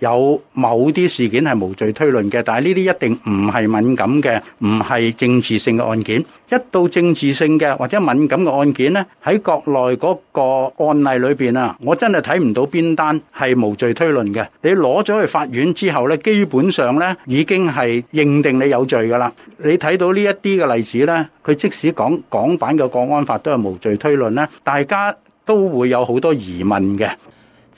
有某啲事件係無罪推論嘅，但係呢啲一定唔係敏感嘅，唔係政治性嘅案件。一到政治性嘅或者敏感嘅案件呢，喺國內嗰個案例裏邊啊，我真係睇唔到邊單係無罪推論嘅。你攞咗去法院之後呢，基本上呢已經係認定你有罪噶啦。你睇到呢一啲嘅例子呢，佢即使講港版嘅《國安法》都係無罪推論呢，大家都會有好多疑問嘅。